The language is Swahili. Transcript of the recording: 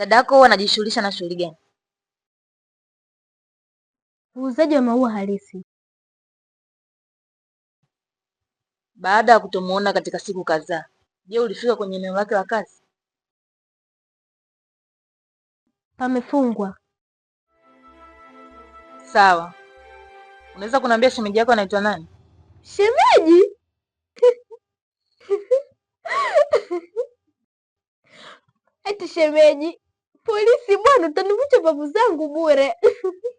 Dada yako huwa anajishughulisha na shughuli gani? Uuzaji wa maua halisi. Baada ya kutomuona katika siku kadhaa, je, ulifika kwenye eneo lake la kazi? Pamefungwa. Sawa, unaweza kuniambia shemeji yako anaitwa nani? Shemeji? eti shemeji Polisi bwana, utanificha babu zangu bure.